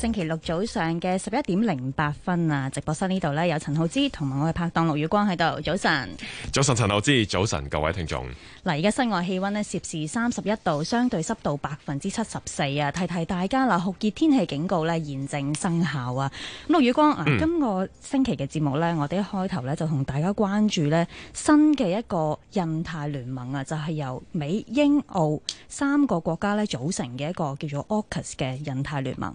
星期六早上嘅十一點零八分啊！直播室呢度咧有陳浩之同埋我嘅拍檔陸宇光喺度。早晨，早晨，陳浩之，早晨各位聽眾。嗱，而家室外氣溫咧攝氏三十一度，相對濕度百分之七十四啊。提提大家啦，酷熱天氣警告咧現正生效啊。咁陸宇光、嗯、啊，今個星期嘅節目咧，我哋一開頭咧就同大家關注咧新嘅一個印太聯盟啊，就係、是、由美、英、澳三個國家咧組成嘅一個叫做 AUKUS 嘅印太聯盟。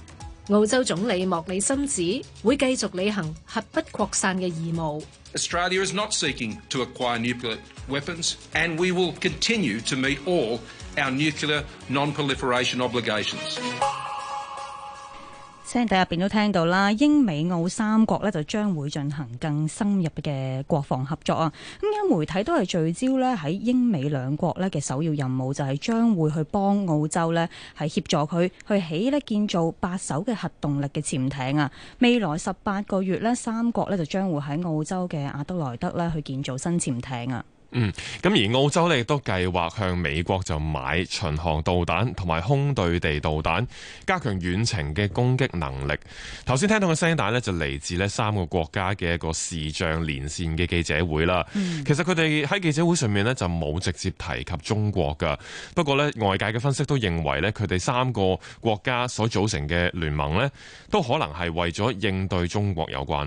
澳洲總理莫里森指會繼續履行核不擴散嘅義務。聲帶入邊都聽到啦，英美澳三國呢就將會進行更深入嘅國防合作啊！咁有媒體都係聚焦呢，喺英美兩國呢嘅首要任務就係、是、將會去幫澳洲呢係協助佢去起呢建造八艘嘅核動力嘅潛艇啊！未來十八個月呢，三國呢就將會喺澳洲嘅阿德萊德呢去建造新潛艇啊！嗯，咁而澳洲呢亦都計劃向美國就買巡航導彈同埋空對地導彈，加強遠程嘅攻擊能力。頭先聽到嘅聲帶呢就嚟自呢三個國家嘅一個視像連線嘅記者會啦。嗯、其實佢哋喺記者會上面呢就冇直接提及中國噶，不過呢外界嘅分析都認為呢佢哋三個國家所組成嘅聯盟呢都可能係為咗應對中國有關。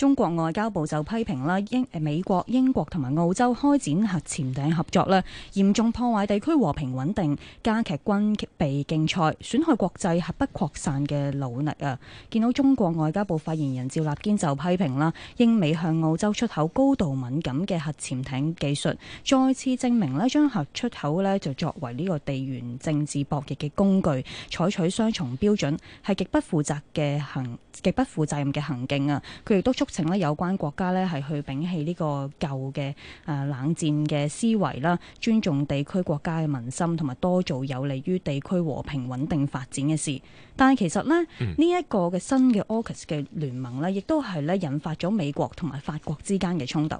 中國外交部就批評啦，英美國英國同埋澳洲開展核潛艇合作咧，嚴重破壞地區和平穩定，加劇軍備競賽，損害國際核不擴散嘅努力啊！見到中國外交部發言人趙立堅就批評啦，英美向澳洲出口高度敏感嘅核潛艇技術，再次證明咧將核出口就作為呢個地緣政治博弈嘅工具，採取雙重標準係極不負責嘅行極不負責任嘅行徑啊！佢亦都促。請咧有關國家咧係去摒棄呢個舊嘅誒冷戰嘅思維啦，尊重地區國家嘅民心，同埋多做有利於地區和平穩定發展嘅事。但係其實呢，呢一個嘅新嘅 AUKUS 嘅聯盟呢，亦都係咧引發咗美國同埋法國之間嘅衝突。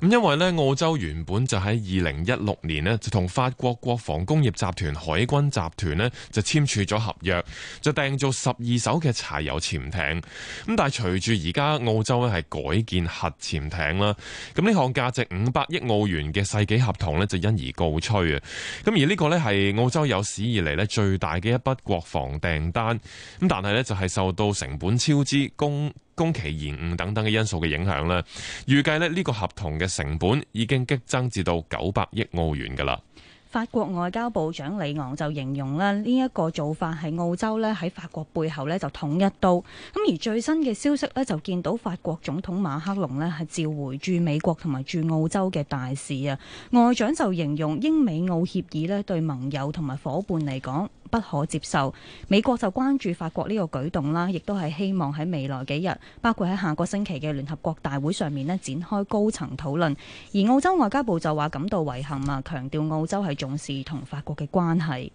咁因為呢，澳洲原本就喺二零一六年呢，就同法國國防工業集團、海軍集團呢，就簽署咗合約，就訂造十二艘嘅柴油潛艇。咁但係隨住而家澳。洲呢係改建核潛艇啦，咁呢項價值五百億澳元嘅世紀合同呢，就因而告吹啊！咁而呢個呢，係澳洲有史以嚟呢最大嘅一筆國防訂單，咁但係呢，就係受到成本超支、工工期延誤等等嘅因素嘅影響呢，預計呢，呢個合同嘅成本已經激增至到九百億澳元噶啦。法國外交部長李昂就形容呢，呢一個做法係澳洲呢喺法國背後呢，就捅一刀。咁而最新嘅消息呢，就見到法國總統馬克龍呢，係召回駐美國同埋駐澳洲嘅大使啊。外長就形容英美澳協議呢，對盟友同埋伙伴嚟講不可接受。美國就關注法國呢個舉動啦，亦都係希望喺未來幾日，包括喺下個星期嘅聯合國大會上面呢，展開高層討論。而澳洲外交部就話感到遺憾啊，強調澳洲係。重視同法國嘅關係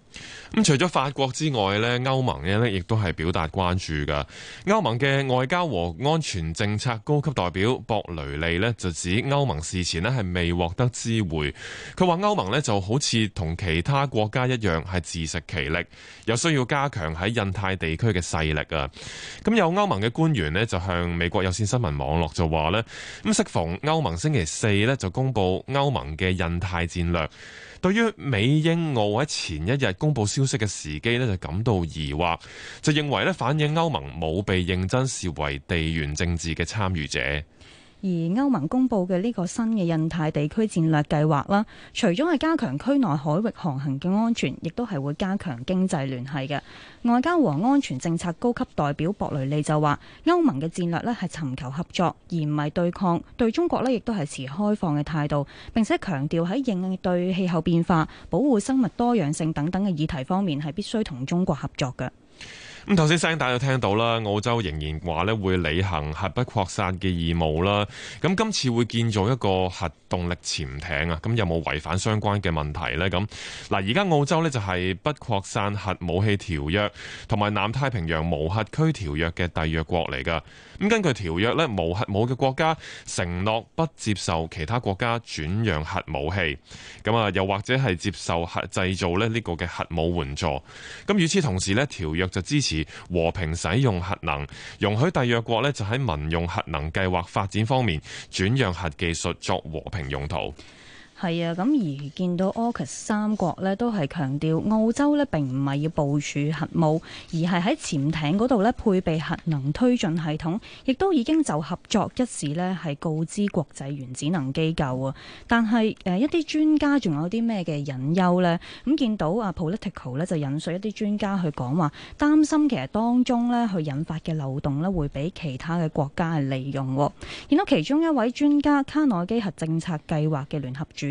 咁，除咗法國之外咧，歐盟咧亦都係表達關注噶。歐盟嘅外交和安全政策高級代表博雷利咧就指，歐盟事前咧係未獲得知會。佢話歐盟咧就好似同其他國家一樣係自食其力，有需要加強喺印太地區嘅勢力啊。咁有歐盟嘅官員咧就向美國有線新聞網絡就話咧咁，適逢歐盟星期四咧就公布歐盟嘅印太戰略，對於美英澳喺前一日公布消息嘅時機呢，就感到疑惑，就認為反映歐盟冇被認真視為地緣政治嘅參與者。而歐盟公布嘅呢個新嘅印太地區戰略計劃啦，除咗係加強區內海域航行嘅安全，亦都係會加強經濟聯繫嘅。外交和安全政策高級代表博雷利就話：歐盟嘅戰略呢係尋求合作，而唔係對抗。對中國呢亦都係持開放嘅態度。並且強調喺應對氣候變化、保護生物多樣性等等嘅議題方面，係必須同中國合作嘅。咁頭先聲帶有聽到啦，澳洲仍然話咧會履行核不擴散嘅義務啦。咁今次會建造一個核動力潛艇啊，咁有冇違反相關嘅問題咧？咁嗱，而家澳洲咧就係不擴散核武器條約同埋南太平洋無核區條約嘅締約國嚟噶。咁根據條約咧，無核武嘅國家承諾不接受其他國家轉讓核武器，咁啊又或者係接受核製造咧呢個嘅核武援助。咁與此同時咧，條約就支持，和平使用核能，容許締約國呢就喺民用核能計劃發展方面，轉讓核技術作和平用途。係啊，咁而見到 AUKUS 三國呢都係強調澳洲呢並唔係要部署核武，而係喺潛艇嗰度呢配備核能推進系統，亦都已經就合作一事呢係告知國際原子能機構啊。但係誒、呃、一啲專家仲有啲咩嘅隱憂呢？咁見到啊 Politico 呢就引述一啲專家去講話，擔心其實當中呢去引發嘅漏洞呢會俾其他嘅國家係利用。見到其中一位專家，卡內基核政策計劃嘅聯合主。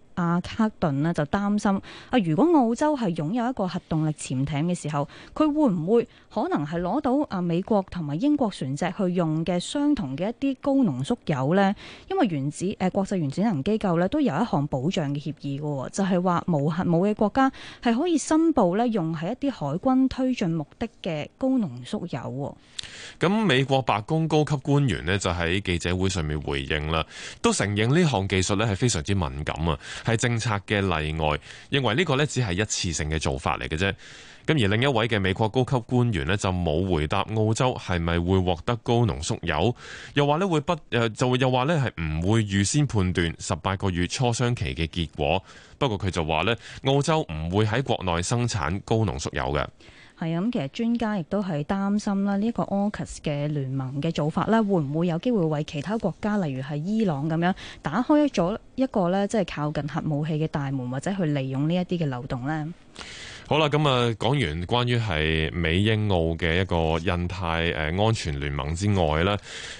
阿卡頓呢就擔心啊，如果澳洲係擁有一個核動力潛艇嘅時候，佢會唔會可能係攞到啊美國同埋英國船隻去用嘅相同嘅一啲高濃縮鈾呢？因為原子誒、呃、國際原子能機構咧都有一項保障嘅協議嘅，就係、是、話無核武嘅國家係可以申報咧用喺一啲海軍推進目的嘅高濃縮鈾。咁美國白宮高級官員呢，就喺記者會上面回應啦，都承認呢項技術咧係非常之敏感啊。係政策嘅例外，認為呢個咧只係一次性嘅做法嚟嘅啫。咁而另一位嘅美國高級官員呢，就冇回答澳洲係咪會獲得高濃縮鈾，又話呢會不誒就會又話咧係唔會預先判斷十八個月磋商期嘅結果。不過佢就話呢，澳洲唔會喺國內生產高濃縮鈾嘅。係啊，咁其實專家亦都係擔心啦，呢一個 AUKUS 嘅聯盟嘅做法咧，會唔會有機會為其他國家，例如係伊朗咁樣，打開咗一個咧，即係靠近核武器嘅大門，或者去利用呢一啲嘅漏洞呢？好啦，咁啊，講完關於係美英澳嘅一個印太安全聯盟之外啦，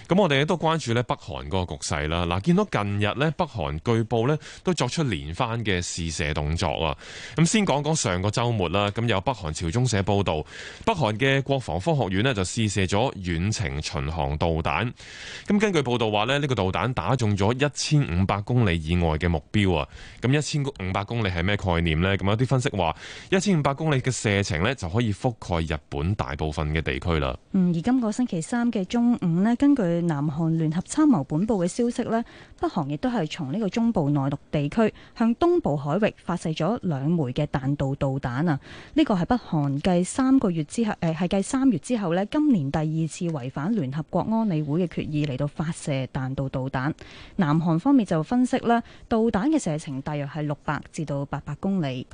咁我哋都關注呢北韓嗰個局勢啦。嗱，見到近日呢，北韓據報呢都作出連番嘅試射動作啊。咁先講講上個週末啦，咁有北韓朝中社報道，北韓嘅國防科學院呢就試射咗遠程巡航導彈。咁根據報道話呢，呢個導彈打中咗一千五百公里以外嘅目標啊。咁一千五百公里係咩概念呢？咁有啲分析話一千百公里嘅射程呢，就可以覆蓋日本大部分嘅地區啦。嗯，而今個星期三嘅中午呢，根據南韓聯合參謀本部嘅消息呢，北韓亦都係從呢個中部內陸地區向東部海域發射咗兩枚嘅彈道導彈啊。呢個係北韓繼三個月之後，誒係繼三月之後呢，今年第二次違反聯合國安理會嘅決議嚟到發射彈道導彈。南韓方面就分析呢，導彈嘅射程大約係六百至到八百公里。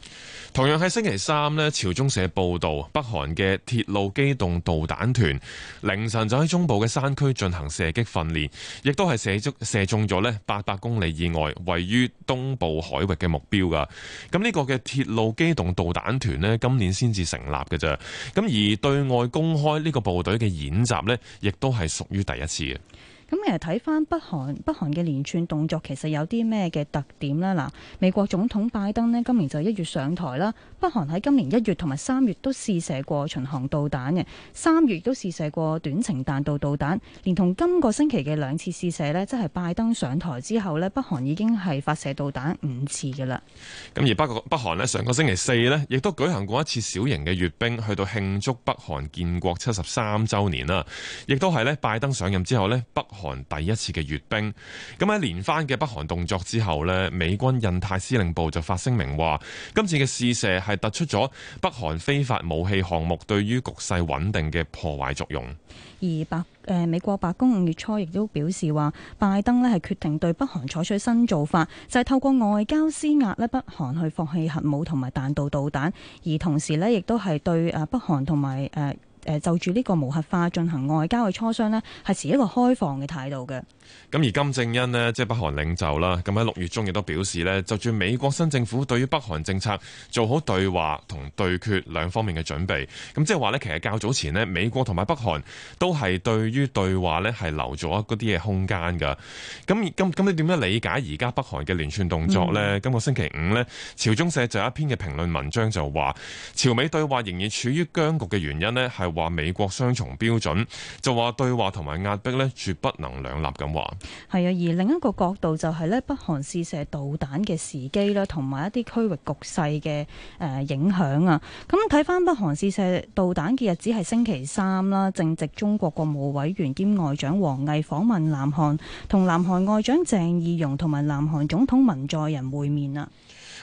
同樣喺星期三。啱咧，朝中社報道，北韓嘅鐵路機動導彈團凌晨就喺中部嘅山區進行射擊訓練，亦都係射中射中咗咧八百公里以外，位於東部海域嘅目標噶。咁、這、呢個嘅鐵路機動導彈團咧，今年先至成立嘅啫。咁而對外公開呢個部隊嘅演習呢，亦都係屬於第一次嘅。咁其實睇翻北韓北韓嘅連串動作，其實有啲咩嘅特點呢？嗱，美國總統拜登呢今年就一月上台啦，北韓喺今年一月同埋三月都試射過巡航導彈嘅，三月都試射過短程彈道導彈，連同今個星期嘅兩次試射呢，即係拜登上台之後呢，北韓已經係發射導彈五次嘅啦。咁而北北韓呢，上個星期四呢，亦都舉行過一次小型嘅閱兵，去到慶祝北韓建國七十三週年啦。亦都係呢，拜登上任之後呢，北韓第一次嘅閱兵，咁喺連番嘅北韓動作之後呢，美軍印太司令部就發聲明話，今次嘅試射係突出咗北韓非法武器項目對於局勢穩定嘅破壞作用。而白誒、呃、美國白宮五月初亦都表示話，拜登呢係決定對北韓採取新做法，就係、是、透過外交施壓呢北韓去放棄核武同埋彈道導彈，而同時呢，亦都係對誒北韓同埋誒。呃就住呢個無核化進行外交嘅磋商呢係持一個開放嘅態度嘅。咁而金正恩呢，即係北韓領袖啦，咁喺六月中亦都表示呢就住美國新政府對於北韓政策做好對話同對決兩方面嘅準備。咁即係話呢其實較早前呢，美國同埋北韓都係對於對話呢係留咗嗰啲嘅空間㗎。咁咁你點樣理解而家北韓嘅連串動作呢？嗯、今個星期五呢，朝中社就有一篇嘅評論文章就話，朝美對話仍然處於僵局嘅原因呢係。話美國雙重標準，就話對話同埋壓迫呢絕不能兩立咁話。係啊，而另一個角度就係呢，北韓試射導彈嘅時機啦，同埋一啲區域局勢嘅誒影響啊。咁睇返，北韓試射導彈嘅日子係星期三啦，正值中國國務委員兼外長王毅訪問南韓，同南韓外長鄭義溶同埋南韓總統文在寅會面啊。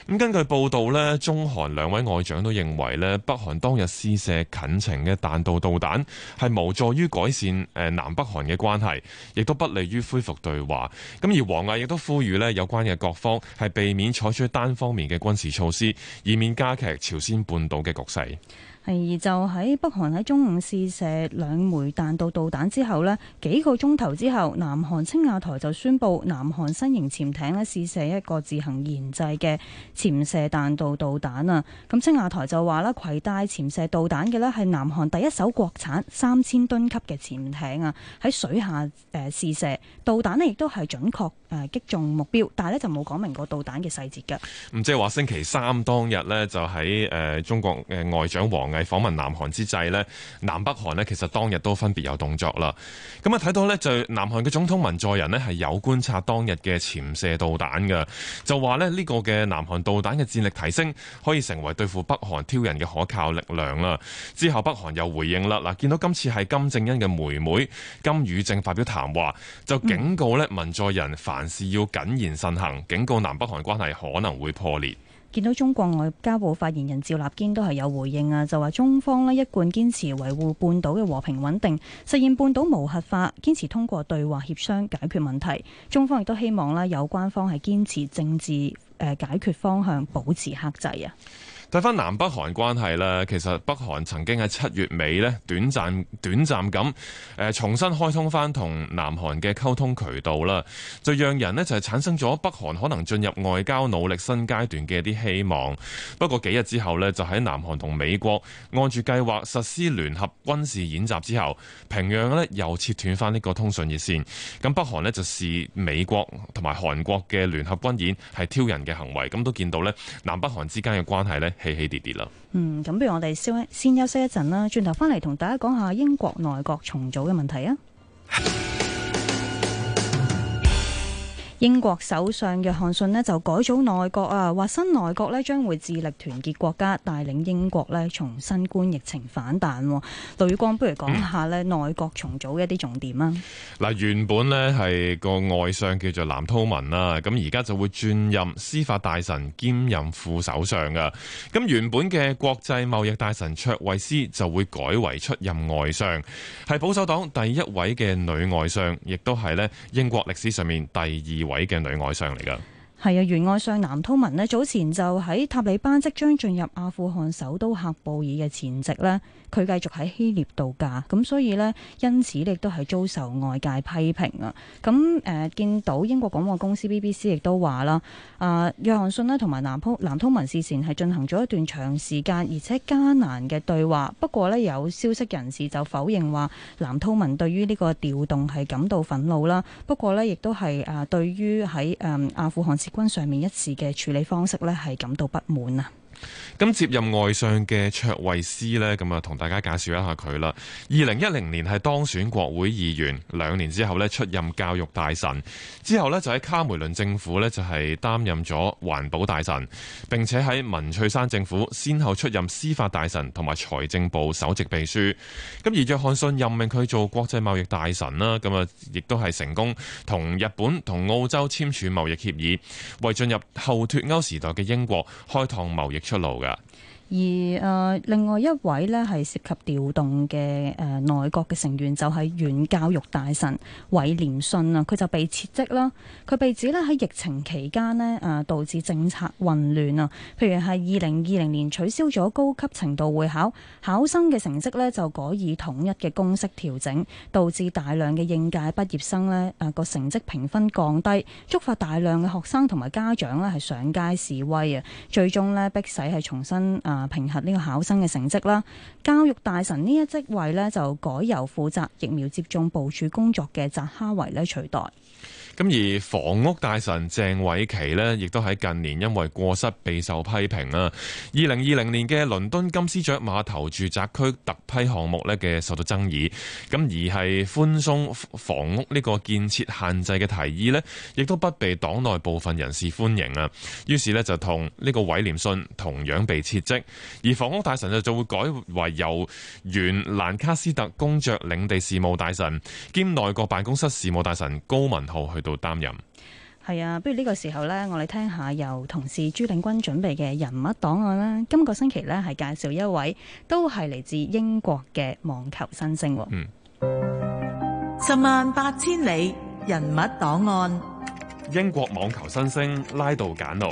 咁根據報道呢，中韓兩位外長都認為呢，北韓當日試射近程嘅彈道導彈係無助於改善誒南北韓嘅關係，亦都不利於恢復對話，咁而王毅亦都呼籲呢，有關嘅各方係避免採取單方面嘅軍事措施，以免加劇朝鮮半島嘅局勢。第二就喺北韓喺中午試射兩枚彈道導彈之後咧，幾個鐘頭之後，南韓青瓦台就宣布南韓新型潛艇咧，試射一個自行研製嘅潛射彈道導彈啊！咁青瓦台就話啦，攜帶潛射導彈嘅咧，係南韓第一艘國產三千噸級嘅潛艇啊，喺水下誒試射導彈咧，亦都係準確。誒擊中目標，但係咧就冇講明個導彈嘅細節嘅。唔，即係話星期三當日呢，就喺誒中國誒外長王毅訪問南韓之際呢，南北韓呢其實當日都分別有動作啦。咁啊睇到呢，就南韓嘅總統文在寅呢係有觀察當日嘅潛射導彈嘅，就話呢，呢個嘅南韓導彈嘅戰力提升可以成為對付北韓挑釁嘅可靠力量啦。之後北韓又回應啦，嗱，見到今次係金正恩嘅妹妹金宇正發表談話，就警告呢文在寅。凡事要謹言慎行，警告南北韓關係可能會破裂。見到中國外交部發言人趙立堅都係有回應啊，就話中方呢，一貫堅持維護半島嘅和平穩定，實現半島無核化，堅持通過對話協商解決問題。中方亦都希望呢，有關方係堅持政治誒解決方向，保持克制啊。睇翻南北韓關係啦，其實北韓曾經喺七月尾呢，短暫短暫咁誒重新開通翻同南韓嘅溝通渠道啦，就讓人呢，就係產生咗北韓可能進入外交努力新階段嘅一啲希望。不過幾日之後呢，就喺南韓同美國按住計劃實施聯合軍事演習之後，平壤呢又切斷翻呢個通訊熱線。咁北韓呢，就視美國同埋韓國嘅聯合軍演係挑釁嘅行為。咁都見到呢，南北韓之間嘅關係呢。 嗯，咁不如我哋先先休息一陣啦，轉頭翻嚟同大家講下英國內閣重組嘅問題啊。 英國首相約翰遜咧就改組內閣啊，話新內閣咧將會致力團結國家，帶領英國咧從新冠疫情反彈。盧宇光不如講下咧內閣重組一啲重點啊！嗱、嗯，原本咧係個外相叫做藍韜文啦，咁而家就會轉任司法大臣兼任副首相噶。咁原本嘅國際貿易大臣卓慧斯就會改為出任外相，係保守黨第一位嘅女外相，亦都係咧英國歷史上面第二位。鬼嘅女外相嚟噶。係啊，原外相藍韜文呢，早前就喺塔利班即將進入阿富汗首都喀布爾嘅前夕呢，佢繼續喺希臘度假，咁所以呢，因此亦都係遭受外界批評啊。咁誒、呃，見到英國廣播公司 BBC 亦都話啦，啊、呃，約翰遜呢，同埋藍、藍韜文事前係進行咗一段長時間，而且艱難嘅對話。不過呢，有消息人士就否認話藍韜文對於呢個調動係感到憤怒啦。不過呢，亦都係誒、呃，對於喺誒阿富汗事。軍上面一次嘅處理方式呢，係感到不滿啊！咁接任外相嘅卓慧斯呢咁啊同大家介紹一下佢啦。二零一零年係當選國會議員，兩年之後呢出任教育大臣，之後呢就喺卡梅倫政府呢就係擔任咗環保大臣，並且喺文翠山政府先後出任司法大臣同埋財政部首席秘書。咁而約翰遜任命佢做國際貿易大臣啦，咁啊亦都係成功同日本同澳洲簽署貿易協議，為進入後脱歐時代嘅英國開拓貿易協議。出爐噶。而、呃、另外一位呢，係涉及調動嘅內閣閣嘅成員，就係、是、原教育大臣韋廉信啊，佢就被撤職啦。佢、啊、被指咧喺疫情期間咧誒導致政策混亂啊，譬如係二零二零年取消咗高級程度會考，考生嘅成績咧就改以統一嘅公式調整，導致大量嘅應屆畢業生咧誒個成績評分降低，觸發大量嘅學生同埋家長咧係上街示威啊，最終咧迫使係重新啊！評核呢個考生嘅成績啦，教育大臣呢一職位呢，就改由負責疫苗接種部署工作嘅扎哈維呢取代。咁而房屋大臣鄭偉琪咧，亦都喺近年因為過失備受批評啊！二零二零年嘅倫敦金絲雀碼頭住宅區特批項目咧嘅受到爭議，咁而係寬鬆房屋呢個建設限制嘅提議咧，亦都不被黨內部分人士歡迎啊！於是咧就同呢個威廉遜同樣被撤職，而房屋大臣就就會改為由原蘭卡斯特公爵領地事務大臣兼內閣辦公室事務大臣高文浩去。到擔任係啊，不如呢個時候呢，我哋聽下由同事朱定君準備嘅人物檔案啦。今個星期呢，係介紹一位都係嚟自英國嘅網球新星。嗯、十萬八千里人物檔案，英國網球新星拉度簡奴。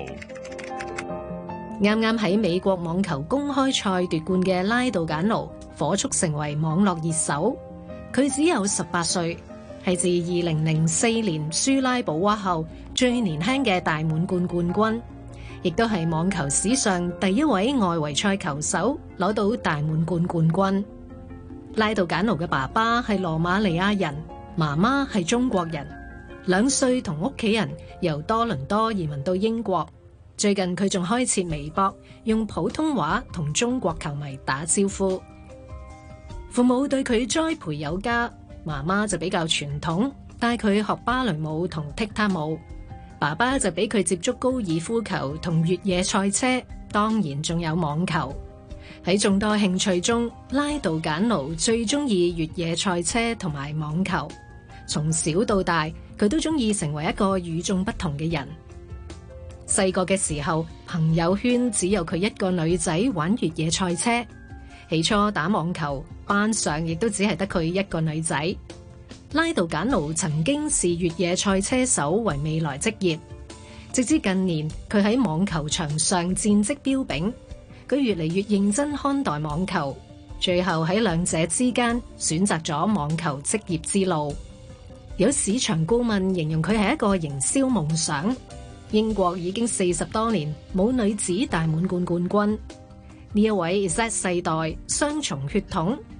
啱啱喺美國網球公開賽奪冠嘅拉度簡奴，火速成為網絡熱搜。佢只有十八歲。係自二零零四年舒拉保娃後最年輕嘅大滿貫冠、冠軍，亦都係網球史上第一位外圍賽球手攞到大滿貫冠、冠軍。拉度簡奴嘅爸爸係羅馬尼亞人，媽媽係中國人。兩歲同屋企人由多倫多移民到英國。最近佢仲開設微博，用普通話同中國球迷打招呼。父母對佢栽培有加。媽媽就比較傳統，帶佢學芭蕾舞同踢踏舞。爸爸就俾佢接觸高爾夫球同越野賽車，當然仲有網球。喺眾多興趣中，拉度簡奴最鍾意越野賽車同埋網球。從小到大，佢都鍾意成為一個與眾不同嘅人。細個嘅時候，朋友圈只有佢一個女仔玩越野賽車，起初打網球。班上亦都只係得佢一個女仔。拉度簡奴曾經視越野賽車手為未來職業，直至近年佢喺網球場上戰績彪炳，佢越嚟越認真看待網球，最後喺兩者之間選擇咗網球職業之路。有市場顧問形容佢係一個營銷夢想。英國已經四十多年冇女子大滿貫冠軍，呢一位 Z 世代雙重血統，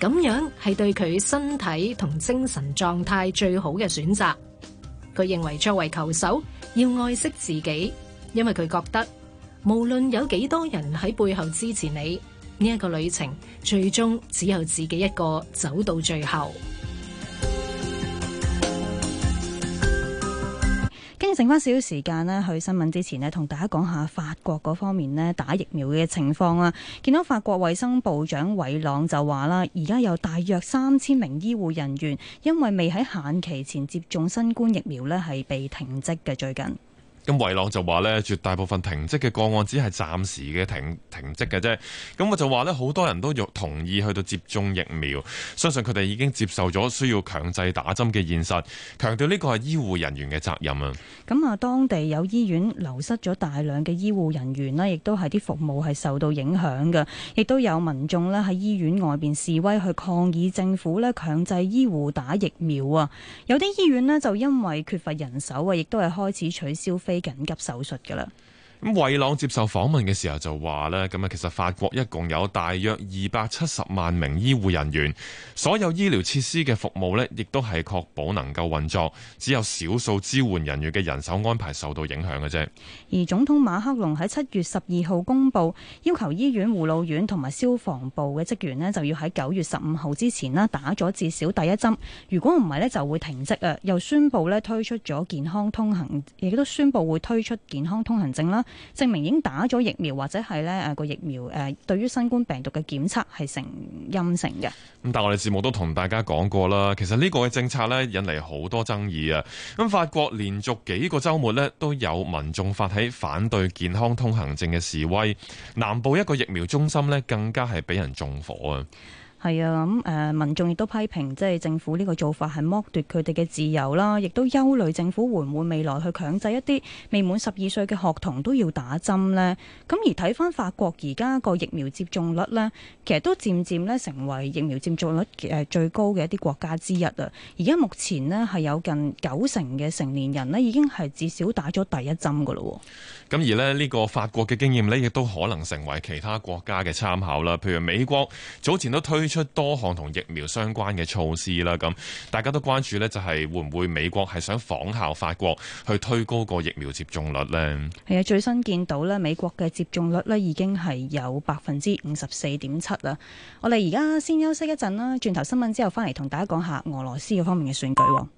咁樣係對佢身體同精神狀態最好嘅選擇。佢認為作為球手要愛惜自己，因為佢覺得無論有幾多人喺背後支持你，呢一個旅程最終只有自己一個走到最後。剩翻少少時間呢，去新聞之前呢，同大家講下法國嗰方面呢打疫苗嘅情況啊。見到法國衛生部長韋朗就話啦，而家有大約三千名醫護人員因為未喺限期前接種新冠疫苗呢，係被停職嘅。最近，咁維朗就話呢，絕大部分停職嘅個案只係暫時嘅停停職嘅啫。咁我就話呢，好多人都同意去到接種疫苗，相信佢哋已經接受咗需要強制打針嘅現實。強調呢個係醫護人員嘅責任啊！咁啊，當地有醫院流失咗大量嘅醫護人員啦，亦都係啲服務係受到影響嘅。亦都有民眾呢喺醫院外邊示威，去抗議政府呢強制醫護打疫苗啊！有啲醫院呢，就因為缺乏人手啊，亦都係開始取消非緊急手術噶啦。咁衞朗接受訪問嘅時候就話呢咁啊，其實法國一共有大約二百七十萬名醫護人員，所有醫療設施嘅服務呢亦都係確保能夠運作，只有少數支援人員嘅人手安排受到影響嘅啫。而總統馬克龍喺七月十二號公布，要求醫院、護老院同埋消防部嘅職員呢就要喺九月十五號之前啦打咗至少第一針，如果唔係呢就會停職啊。又宣布呢推出咗健康通行，亦都宣布會推出健康通行證啦。證明已經打咗疫苗或者係咧誒個疫苗誒對於新冠病毒嘅檢測係呈陰性嘅。咁但我哋節目都同大家講過啦，其實呢個嘅政策咧引嚟好多爭議啊。咁法國連續幾個周末呢都有民眾發起反對健康通行證嘅示威，南部一個疫苗中心呢更加係俾人縱火啊！係啊，咁誒，民眾亦都批評，即係政府呢個做法係剝奪佢哋嘅自由啦，亦都憂慮政府會唔會未來去強制一啲未滿十二歲嘅學童都要打針呢。咁而睇翻法國而家個疫苗接種率呢，其實都漸漸咧成為疫苗接種率誒最高嘅一啲國家之一啊！而家目前呢，係有近九成嘅成年人呢已經係至少打咗第一針㗎咯喎。咁而咧呢個法國嘅經驗呢，亦都可能成為其他國家嘅參考啦，譬如美國早前都推出多項同疫苗相關嘅措施啦，咁大家都關注呢，就係會唔會美國係想仿效法國去推高個疫苗接種率呢？係啊，最新見到呢，美國嘅接種率呢已經係有百分之五十四點七啦。我哋而家先休息一陣啦，轉頭新聞之後翻嚟同大家講下俄羅斯嘅方面嘅選舉。